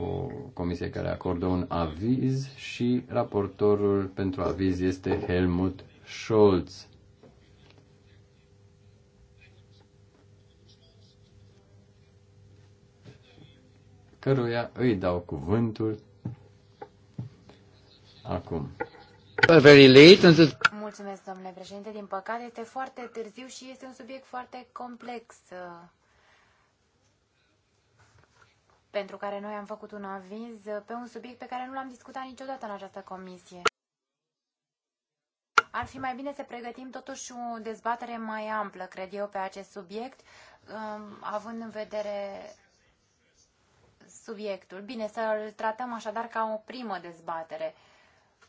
o comisie care acordă un aviz și raportorul pentru aviz este Helmut Scholz. căruia îi dau cuvântul acum. Very late Mulțumesc, domnule președinte. Din păcate, este foarte târziu și este un subiect foarte complex uh, pentru care noi am făcut un aviz uh, pe un subiect pe care nu l-am discutat niciodată în această comisie. Ar fi mai bine să pregătim totuși o dezbatere mai amplă, cred eu, pe acest subiect, um, având în vedere subiectul. Bine, să-l tratăm așadar ca o primă dezbatere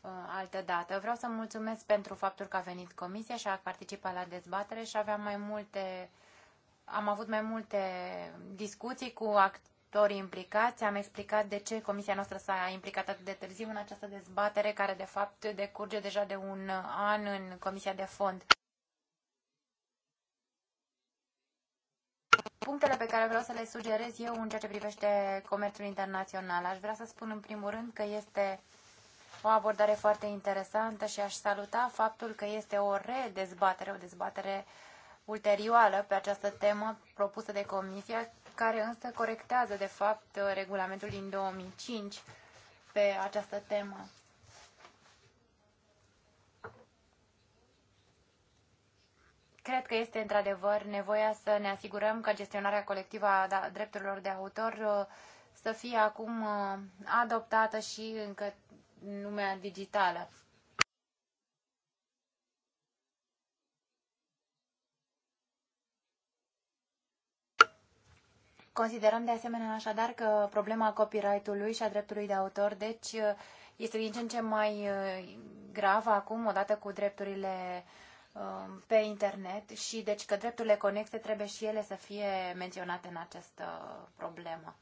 uh, altă dată. Vreau să mulțumesc pentru faptul că a venit comisia și a participat la dezbatere și aveam mai multe, am avut mai multe discuții cu actorii implicați. Am explicat de ce comisia noastră s-a implicat atât de târziu în această dezbatere care de fapt decurge deja de un an în comisia de fond. punctele pe care vreau să le sugerez eu în ceea ce privește comerțul internațional. Aș vrea să spun în primul rând că este o abordare foarte interesantă și aș saluta faptul că este o redezbatere, o dezbatere ulterioară pe această temă propusă de Comisie, care însă corectează, de fapt, regulamentul din 2005 pe această temă. Cred că este într-adevăr nevoia să ne asigurăm că gestionarea colectivă a da, drepturilor de autor uh, să fie acum uh, adoptată și încă în lumea digitală. Considerăm de asemenea așadar că problema copyright-ului și a dreptului de autor, deci uh, este din ce în ce mai gravă acum, odată cu drepturile uh, Um, pe internet și deci că drepturile conexe trebuie și ele să fie menționate în această problemă.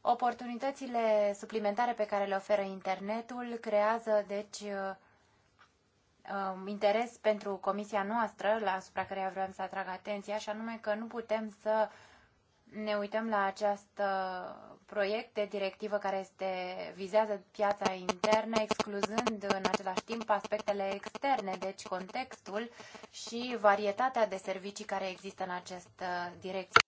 Oportunitățile suplimentare pe care le oferă internetul creează, deci, um, interes pentru comisia noastră, la asupra care vreau să atrag atenția, și anume că nu putem să uh, ne uităm la acest proiect de directivă care este, vizează piața internă, excluzând în același timp aspectele externe, deci contextul și varietatea de servicii care există în această direcție.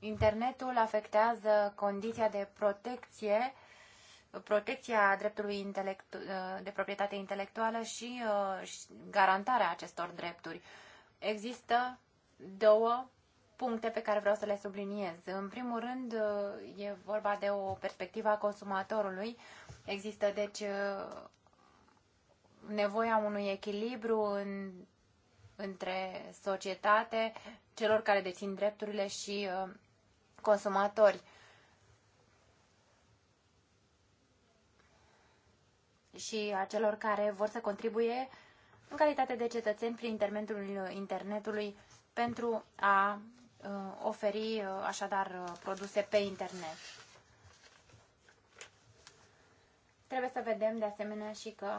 Internetul afectează condiția de protecție protecția dreptului de proprietate intelectuală și uh, garantarea acestor drepturi. Există două puncte pe care vreau să le subliniez. În primul rând, uh, e vorba de o perspectivă a consumatorului. Există, deci, uh, nevoia unui echilibru în, între societate, celor care dețin drepturile și uh, consumatori. Și a celor care vor să contribuie în calitate de cetățeni prin intermediul internetului pentru a uh, oferi uh, așadar uh, produse pe internet. Trebuie să vedem de asemenea și că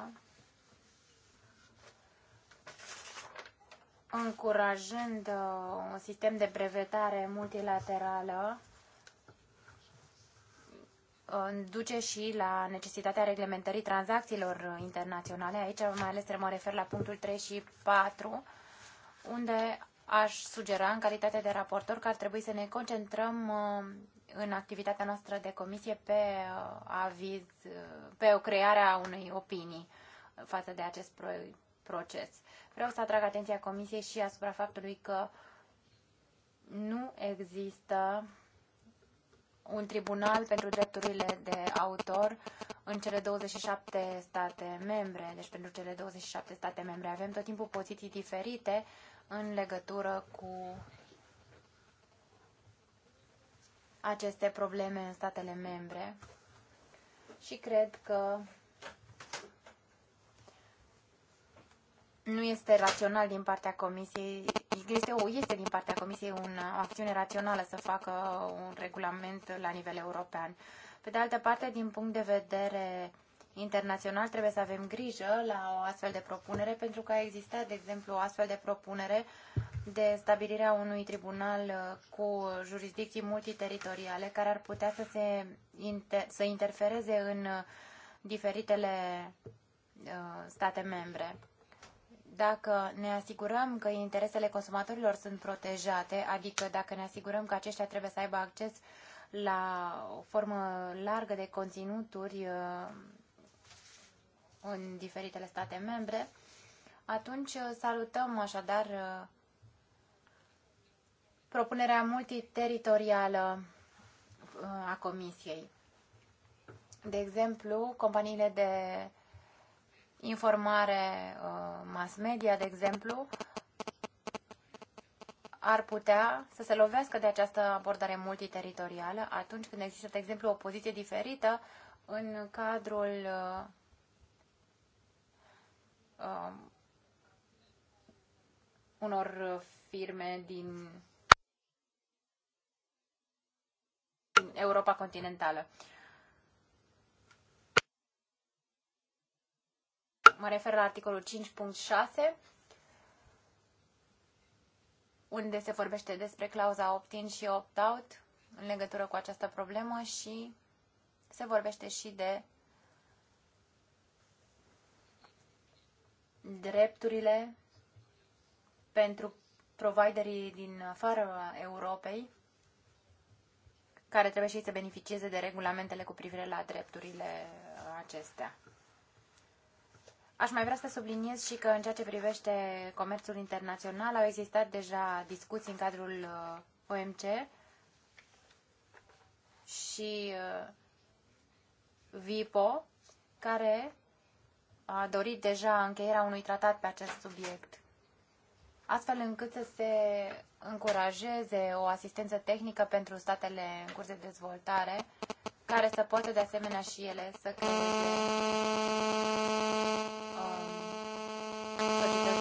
încurajând un sistem de brevetare multilaterală, duce și la necesitatea reglementării tranzacțiilor internaționale. Aici mai ales mă refer la punctul 3 și 4, unde aș sugera în calitate de raportor că ar trebui să ne concentrăm uh, în activitatea noastră de comisie pe uh, aviz, uh, pe o crearea unei opinii față de acest proces. Vreau să atrag atenția comisiei și asupra faptului că nu există un tribunal pentru drepturile de autor în cele 27 state membre. Deci pentru cele 27 state membre avem tot timpul poziții diferite în legătură cu aceste probleme în statele membre și cred că nu este rațional din partea comisiei, este, o, este din partea comisiei un, o acțiune rațională să facă un regulament la nivel european. Pe de altă parte, din punct de vedere internațional, trebuie să avem grijă la o astfel de propunere, pentru că a existat, de exemplu, o astfel de propunere de stabilirea unui tribunal uh, cu jurisdicții multiteritoriale care ar putea să, se inter să interfereze în uh, diferitele uh, state membre dacă ne asigurăm că interesele consumatorilor sunt protejate, adică dacă ne asigurăm că aceștia trebuie să aibă acces la o formă largă de conținuturi uh, în diferitele state membre, atunci uh, salutăm așadar uh, propunerea multiteritorială a Comisiei. De exemplu, companiile de informare uh, mass media, de exemplu, ar putea să se lovească de această abordare multiteritorială atunci când există, de exemplu, o poziție diferită în cadrul uh, um, unor firme din, din Europa continentală. Uh, mă refer la articolul 5.6, unde se vorbește despre clauza opt-in și opt-out în legătură cu această problemă și se vorbește și de drepturile pentru providerii din afara Europei care trebuie și să beneficieze de regulamentele cu privire la drepturile acestea. Aș mai vrea să subliniez și că în ceea ce privește comerțul internațional au existat deja discuții în cadrul uh, OMC și uh, VIPO, care a dorit deja încheierea unui tratat pe acest subiect, astfel încât să se încurajeze o asistență tehnică pentru statele în curs de dezvoltare, care să poată de asemenea și ele să creeze că și a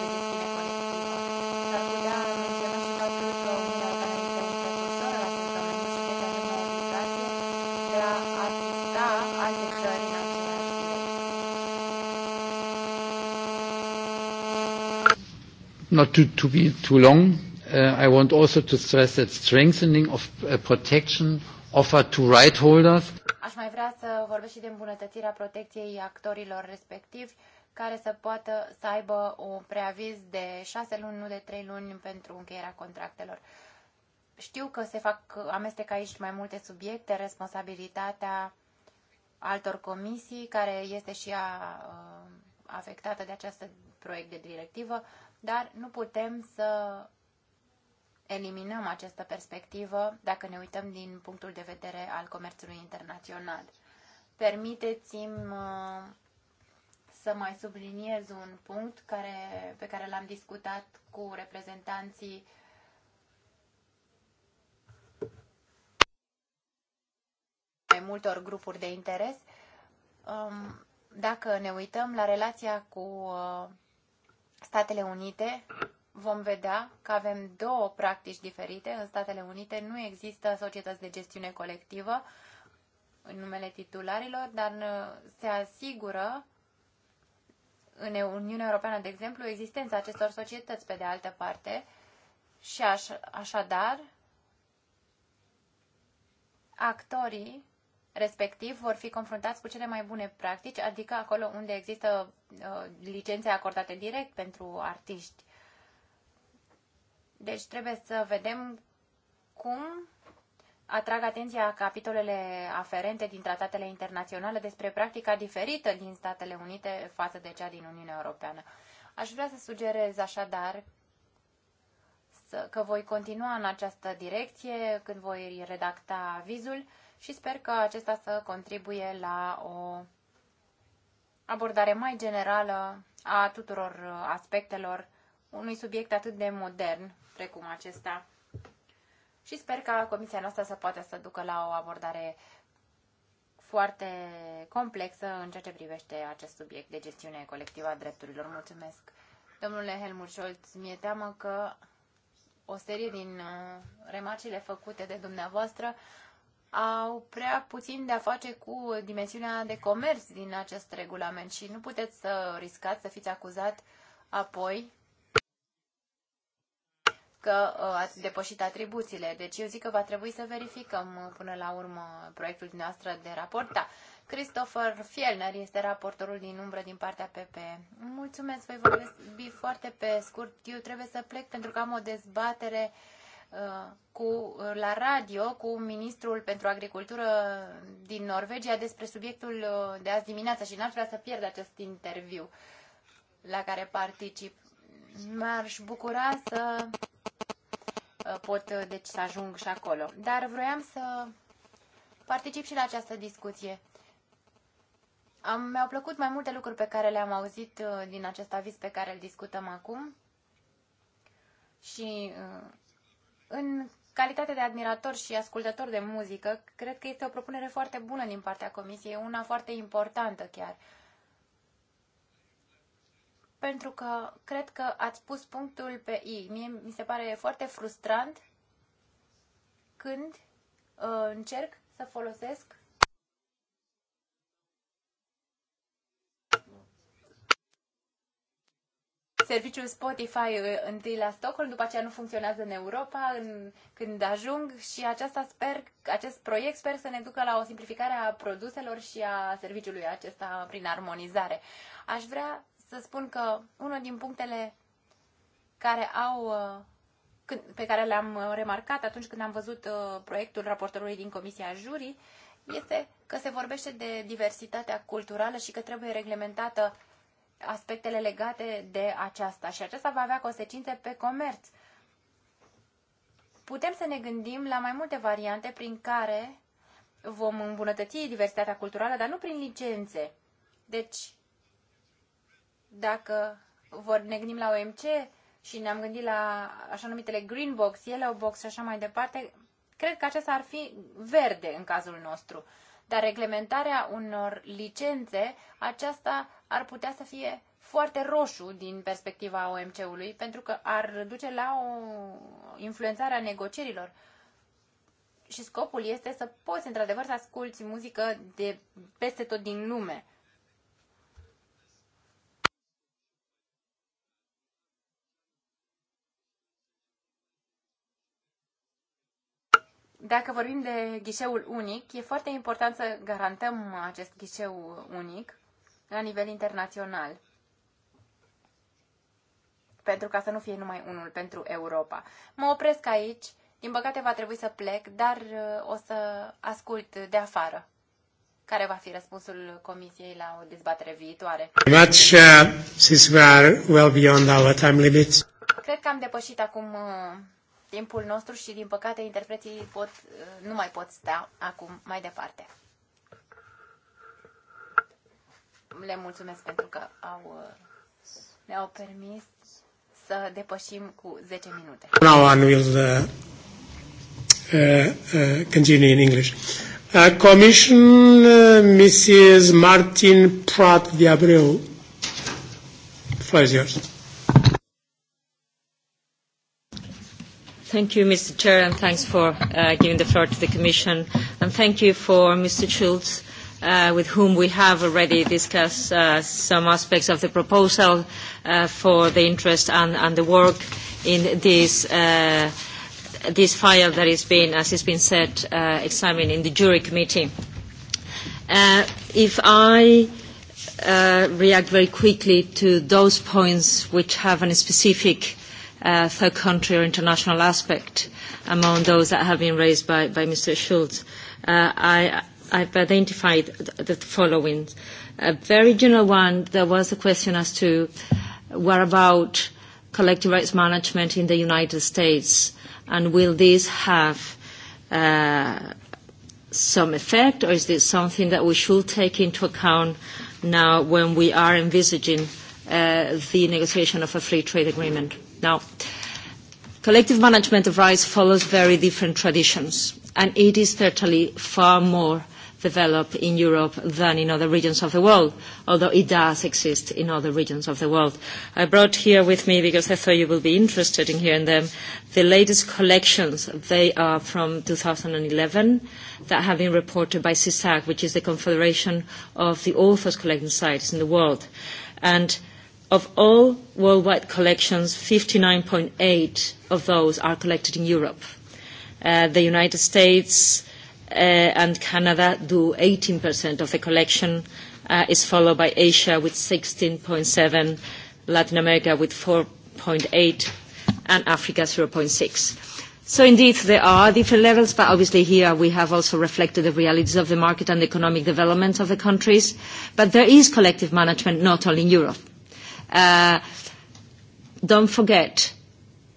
Not to, to be too long, uh, I want also to stress that strengthening of uh, protection offered to right holders. Aș mai vrea să vorbesc și de îmbunătățirea protecției actorilor respectivi care să poată să aibă un preaviz de 6 luni, nu de 3 luni pentru încheierea contractelor. Știu că se fac amestec aici mai multe subiecte, responsabilitatea altor comisii, care este și ea uh, afectată de acest proiect de directivă, dar nu putem să eliminăm această perspectivă dacă ne uităm din punctul de vedere al comerțului internațional. Permiteți-mi uh, să mai subliniez un punct care, pe care l-am discutat cu reprezentanții mai multor grupuri de interes. Um, dacă ne uităm la relația cu uh, Statele Unite, vom vedea că avem două practici diferite. În Statele Unite nu există societăți de gestiune colectivă în numele titularilor, dar uh, se asigură în Uniunea Europeană, de exemplu, existența acestor societăți pe de altă parte și aș, așadar actorii respectiv vor fi confruntați cu cele mai bune practici, adică acolo unde există uh, licențe acordate direct pentru artiști. Deci trebuie să vedem cum atrag atenția capitolele aferente din tratatele internaționale despre practica diferită din Statele Unite față de cea din Uniunea Europeană. Aș vrea să sugerez așadar că voi continua în această direcție când voi redacta vizul și sper că acesta să contribuie la o abordare mai generală a tuturor aspectelor unui subiect atât de modern precum acesta și sper ca comisia noastră să poată să ducă la o abordare foarte complexă în ceea ce privește acest subiect de gestiune colectivă a drepturilor. Mulțumesc. Domnule Helmut Scholz, mi-e teamă că o serie din uh, remarcile făcute de dumneavoastră au prea puțin de a face cu dimensiunea de comerț din acest regulament și nu puteți să riscați să fiți acuzat apoi că uh, ați depășit atribuțiile. Deci eu zic că va trebui să verificăm uh, până la urmă proiectul dumneavoastră de raport. Da. Christopher Fielner este raportorul din umbră din partea PP. Mulțumesc, voi vorbi foarte pe scurt. Eu trebuie să plec pentru că am o dezbatere uh, cu, la radio cu ministrul pentru agricultură din Norvegia despre subiectul de azi dimineață și n-aș vrea să pierd acest interviu la care particip. M-aș bucura să pot uh, deci să ajung și acolo. Dar vroiam să particip și la această discuție. Am, mi-au plăcut mai multe lucruri pe care le-am auzit uh, din acest aviz pe care îl discutăm acum. Și uh, în calitate de admirator și ascultător de muzică, cred că este o propunere foarte bună din partea Comisiei, una foarte importantă chiar pentru că cred că ați pus punctul pe I. Mie mi se pare foarte frustrant când uh, încerc să folosesc serviciul Spotify uh, întâi la Stockholm, după aceea nu funcționează în Europa în, când ajung și aceasta sper, acest proiect sper să ne ducă la o simplificare a produselor și a serviciului acesta prin armonizare. Aș vrea să spun că unul din punctele care au, uh, pe care le-am uh, remarcat atunci când am văzut uh, proiectul raportorului din Comisia Jurii, este că se vorbește de diversitatea culturală și că trebuie reglementată aspectele legate de aceasta și aceasta va avea consecințe pe comerț. Putem să ne gândim la mai multe variante prin care vom îmbunătăți diversitatea culturală, dar nu prin licențe. Deci, dacă vor, ne gândim la OMC și ne-am gândit la așa numitele green box, yellow box și așa mai departe, cred că acesta ar fi verde în cazul nostru. Dar reglementarea unor licențe, aceasta ar putea să fie foarte roșu din perspectiva OMC-ului, pentru că ar duce la o influențare a negocierilor. Și scopul este să poți, într-adevăr, să asculti muzică de peste tot din lume. Dacă vorbim de ghișeul unic, e foarte important să garantăm acest ghișeu unic la nivel internațional pentru ca să nu fie numai unul pentru Europa. Mă opresc aici, din păcate va trebui să plec, dar uh, o să ascult de afară care va fi răspunsul Comisiei la o dezbatere viitoare. Much, uh, since we are well beyond our time limits. Cred că am depășit acum uh, timpul nostru și, din păcate, interpreții pot, nu mai pot sta acum mai departe. Le mulțumesc pentru că au, ne-au permis să depășim cu 10 minute. Now on we'll uh, uh, uh, continue in English. Uh, commission uh, Mrs. Martin Pratt de Abreu. Floor is yours. Thank you, Mr. Chair, and thanks for uh, giving the floor to the Commission. And thank you for Mr. Schulz, uh, with whom we have already discussed uh, some aspects of the proposal uh, for the interest and, and the work in this, uh, this file that has been, as has been said, uh, examined in the jury committee. Uh, if I uh, react very quickly to those points which have a specific Uh, third country or international aspect among those that have been raised by, by Mr. Schulz. Uh, I, I've identified the following. A very general one, there was a question as to what about collective rights management in the United States and will this have uh, some effect or is this something that we should take into account now when we are envisaging uh, the negotiation of a free trade agreement? Now, collective management of rights follows very different traditions, and it is certainly far more developed in Europe than in other regions of the world, although it does exist in other regions of the world. I brought here with me, because I thought you would be interested in hearing them, the latest collections. They are from 2011 that have been reported by CISAC, which is the Confederation of the Authors Collecting Sites in the World. And Of all worldwide collections, 59.8 of those are collected in Europe. Uh, the United States uh, and Canada do 18% of the collection, uh, is followed by Asia with 16.7, Latin America with 4.8, and Africa 0.6. So indeed, there are different levels, but obviously here we have also reflected the realities of the market and the economic development of the countries. But there is collective management not only in Europe. Uh, don't forget,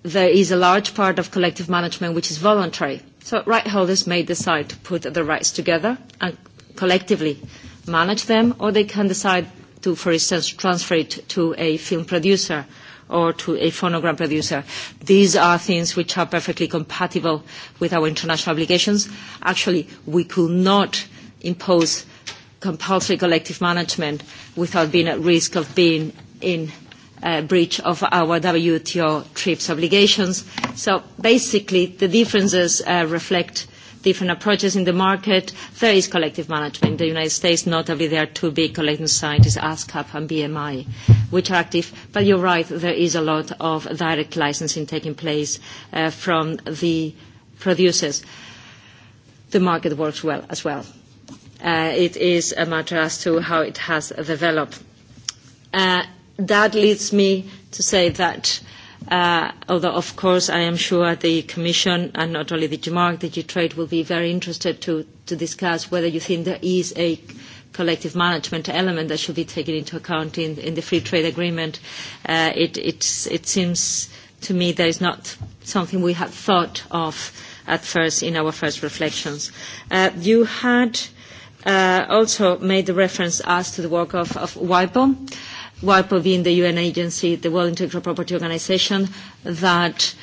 there is a large part of collective management which is voluntary. So right holders may decide to put the rights together and collectively manage them, or they can decide to, for instance, transfer it to a film producer or to a phonogram producer. These are things which are perfectly compatible with our international obligations. Actually, we could not impose compulsory collective management without being at risk of being in uh, breach of our WTO TRIPS obligations. So basically, the differences uh, reflect different approaches in the market. There is collective management. In the United States, notably, there are two big collecting societies, ASCAP and BMI, which are active. But you're right, there is a lot of direct licensing taking place uh, from the producers. The market works well as well. Uh, it is a matter as to how it has developed. Uh, that leads me to say that uh, although of course I am sure the Commission and not only the GMARC, the G-Trade will be very interested to, to discuss whether you think there is a collective management element that should be taken into account in, in the free trade agreement. Uh, it, it's, it seems to me that is not something we had thought of at first in our first reflections. Uh, you had uh, also made the reference as to the work of, of WIPO. WIPO being the UN agency, the World Intellectual Property Organization, that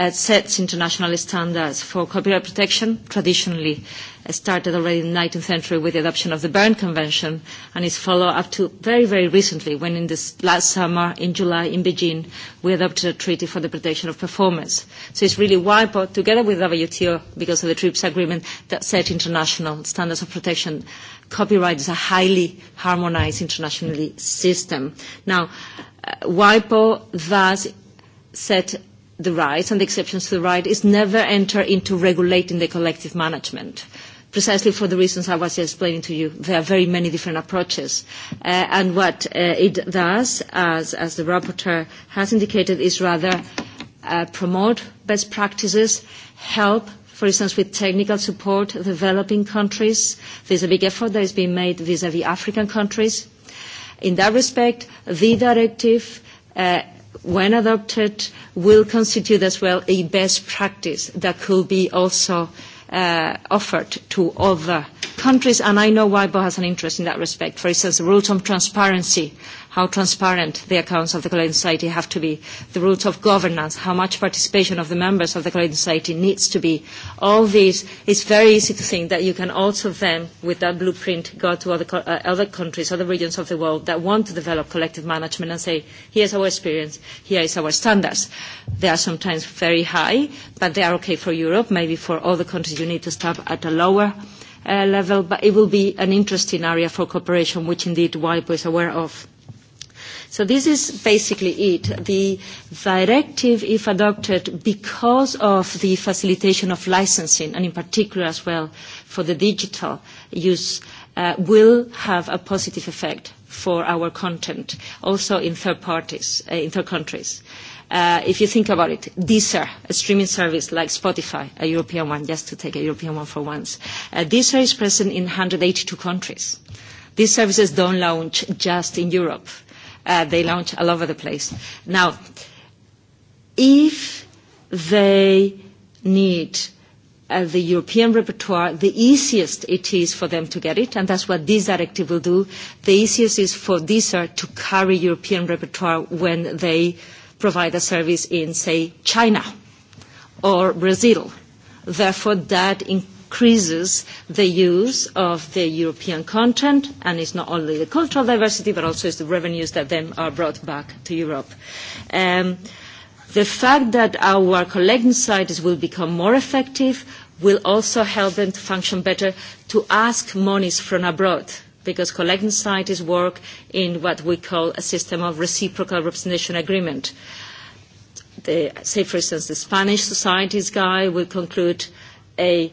uh, sets international standards for copyright protection, traditionally uh, started already in the 19th century with the adoption of the Berne Convention and is followed up to very, very recently when in this last summer in July in Beijing we adopted a treaty for the protection of performance. So it's really WIPO together with WTO because of the TRIPS agreement that set international standards of protection copyright is a highly harmonized internationally system. Now, uh, WIPO thus set the rights and the exceptions to the right is never enter into regulating the collective management precisely for the reasons I was explaining to you. There are very many different approaches. Uh, and what uh, it does, as, as the rapporteur has indicated, is rather uh, promote best practices, help for instance, with technical support, developing countries. There's a big effort that is being made vis-à-vis -vis African countries. In that respect, the directive, uh, when adopted, will constitute as well a best practice that could be also uh, offered to other countries, and I know WIPO has an interest in that respect. For instance, the rules on transparency how transparent the accounts of the Collegium Society have to be, the rules of governance, how much participation of the members of the Collegium Society needs to be. All these, it's very easy to think that you can also then, with that blueprint, go to other, uh, other countries, other regions of the world that want to develop collective management and say, here's our experience, here is our standards. They are sometimes very high, but they are okay for Europe. Maybe for other countries you need to start at a lower uh, level, but it will be an interesting area for cooperation, which indeed WIPO is aware of. So this is basically it. The directive, if adopted because of the facilitation of licensing, and in particular as well for the digital use, uh, will have a positive effect for our content, also in third parties, uh, in third countries. Uh, if you think about it, Deezer, a streaming service like Spotify, a European one, just to take a European one for once, uh, Deezer is present in 182 countries. These services don't launch just in Europe Uh, they launch all over the place. Now, if they need uh, the European repertoire, the easiest it is for them to get it, and that's what this directive will do. The easiest is for DSER to carry European repertoire when they provide a service in, say, China or Brazil. Therefore, that in increases the use of the European content, and it's not only the cultural diversity, but also it's the revenues that then are brought back to Europe. Um, the fact that our collecting sites will become more effective will also help them to function better to ask monies from abroad because collecting societies work in what we call a system of reciprocal representation agreement. The, say, for instance, the Spanish Societies guy will conclude a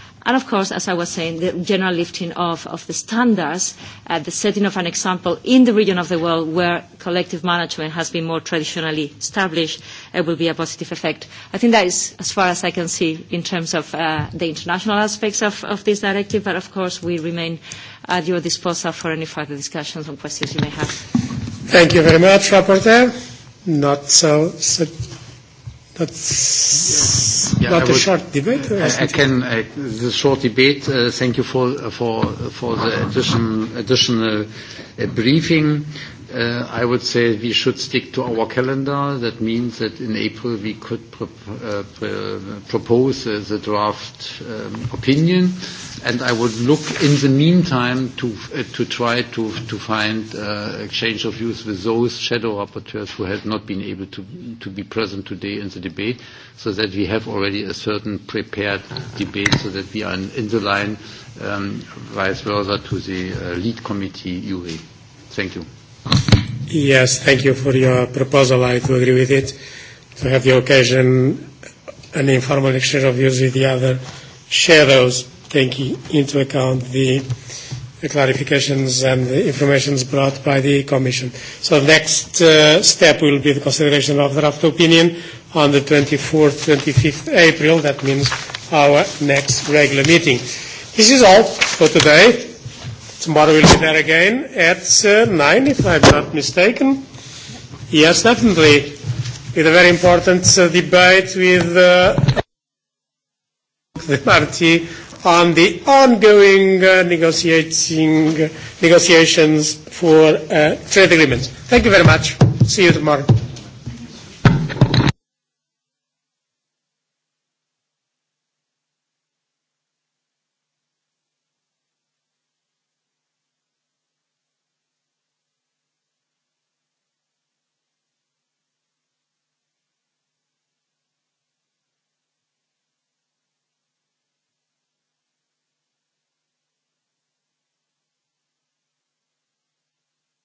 And of course, as I was saying, the general lifting of, of the standards, uh, the setting of an example in the region of the world where collective management has been more traditionally established it uh, will be a positive effect. I think that is as far as I can see in terms of uh, the international aspects of, of this directive, but of course we remain at your disposal for any further discussions on questions you may have. Thank you very much, Rapporteur. Not so, so That's yeah, not I a would, short debate. I, I can uh, the short debate. Uh, thank you for uh, for for the addition, additional uh, briefing. Uh, I would say we should stick to our calendar. That means that in April we could pro uh, propose uh, the draft um, opinion, and I would look in the meantime to uh, to try to to find uh, exchange of views with those shadow rapporteurs who have not been able to to be present today in the debate, so that we have already a certain prepared debate, so that we are in, in the line, um, vice versa to the uh, lead committee, URI. Thank you. Yes, thank you for your proposal. I do agree with it. To have the occasion, an informal exchange of views with the other shadows, taking into account the, the clarifications and the informations brought by the Commission. So the next uh, step will be the consideration of the draft opinion on the 24th, 25th April. That means our next regular meeting. This is all for today. Tomorrow we'll be there again at uh, 9, if I'm not mistaken. Yes, definitely. With a very important uh, debate with uh, the party on the ongoing uh, negotiating, negotiations for uh, trade agreements. Thank you very much. See you tomorrow.